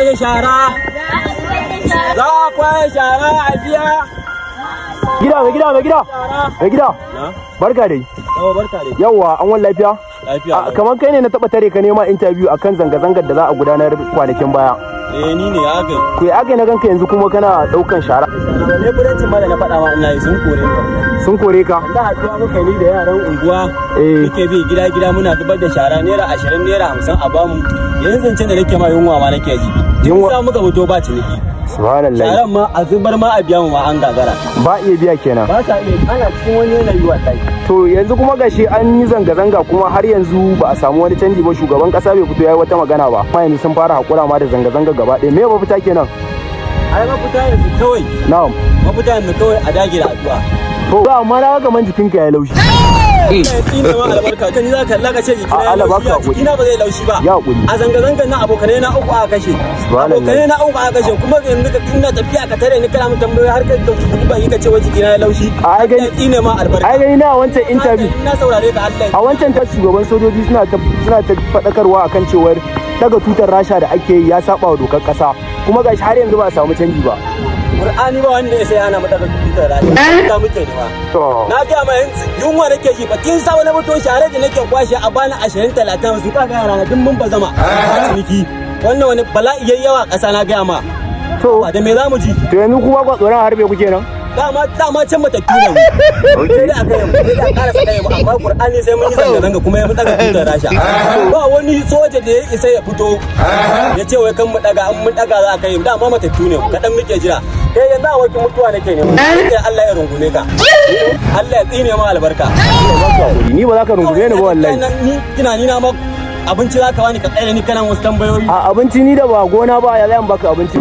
kwashe shara za a kwashe shara a biya gida mai gida mai gida mai gida barka dai yawwa an wani lafiya kamar kai ne na taba tare ka nema interview akan zanga-zangar da za a gudanar kwanakin baya eh ni ne agai to ya agai na ganka yanzu kuma kana daukan shara ne buranci ma da na faɗa ma ina yi sun kore ka sun kore ka da haɗuwa muka ni da yaran unguwa kike eh. bi gida gida muna zubar da shara naira ashirin naira hamsin a bamu yanzu zancen da nake ma yunwa ma nake ji yunwa muka fito ba ciniki subhanallah yaran ma a zubar ma a biya mu ma an gagara ba iya biya kenan ba sa iya ana cikin wani yanayi wallahi to yanzu kuma gashi an yi zanga zanga kuma har yanzu ba a samu wani canji ba shugaban kasa bai fito yayi wata magana ba amma yanzu sun fara hakura ma da zanga zanga gaba ɗaya me mafita kenan ai mafita yanzu kawai na'am mafita yanzu kawai a dage da addu'a ba amma na ga man jikinka ya laushi eh! eh, ina ma albarka kan za ka laka ce jikina ya laushi jikina ba zai laushi ba a zanga-zangan na abokanai na uku a kashe abokanai na uku a kashe kuma yanzu ka ina tafiya ka tare ni kana mun tambayoyi har ka dauki ba ka ce wa jikina ya laushi ai gani ina ma albarka ai gani na wancan interview ina saurare ka Allah a wancan ta shugaban sojoji suna ta suna ta fadakarwa akan cewar daga tutar rasha da ake yi ya saba wa dokar kasa kuma gashi har yanzu ba a samu canji ba kur'ani ba wanda ya sai ana mata duka rani. Eh? Ta muke ne ba. Na ga ma yanzu yunwa nake yi ba sa wani mutum share da nake kwashe a bana 20 30 su ka ga rana duk bazama. Ka eh? ciniki. Wannan wani bala'i yayyawa kasa na ga ma. To da me za mu ji? To yanzu kuma ba tsoron harbe kuke nan? dama dama can matattu ne mu tunda aka yi mu da kara saka yamma amma qur'ani sai mun yi zanga zanga kuma ya mun daga tutar rasha ba wani soja da ya isa ya fito ya ce wai kan mu daga an mun daga za ka yi dama matattu ne kadan muke jira kai yanzu a wakin mutuwa nake ne sai Allah ya rungume ka Allah ya tsine ma albarka ni ba za ka rungume ni ba wallahi ni tunani na ma abinci za ka wani ka tsaye ni kana wasu tambayoyi a abinci ni da ba gona ba ya zan baka abinci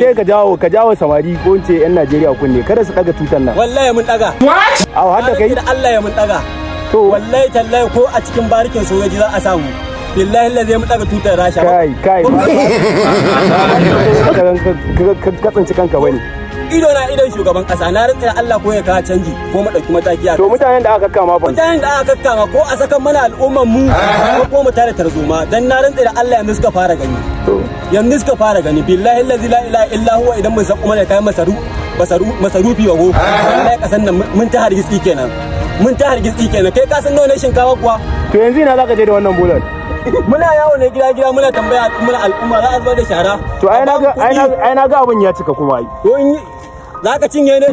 dai ka jawo ka jawo samari ko in ce yan Najeriya kunne kada su daga tutan nan wallahi mun daga what au hadda kai da Allah ya mun daga to wallahi tallahi ko a cikin barikin sojoji za a samu billahi la zai mutaka tutar rasha kai kai ka tsanci kanka bane ido na idon shugaban kasa na rantsa Allah ko ya kawo canji ko mu dauki mataki to mutanen da aka kama ba mutanen da aka kama ko a sakan mana al'umman mu ko mu tare tarzoma dan na rantsa da Allah yanzu suka fara gani yanzu suka fara gani billahi allazi la ilaha illa huwa idan mun san kuma kai masaru masarufi wa go Allah kasan nan mun ta hargitsi kenan mun ta hargitsi kenan kai ka san nawa ne shinkafa kuwa to yanzu ina zaka je da wannan bulan muna yawo ne gida gida muna tambaya muna al'umma za a zo da shara to ai na ga ai na ga abun ya cika kuma ai to za ka cinye ne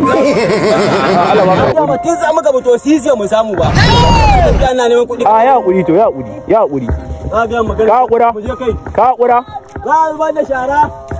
ba tun samu ka to sisi mu samu ba a ah, ya kuri to ya kuri ya kuri. ka kura. ka kura. za a ba da shara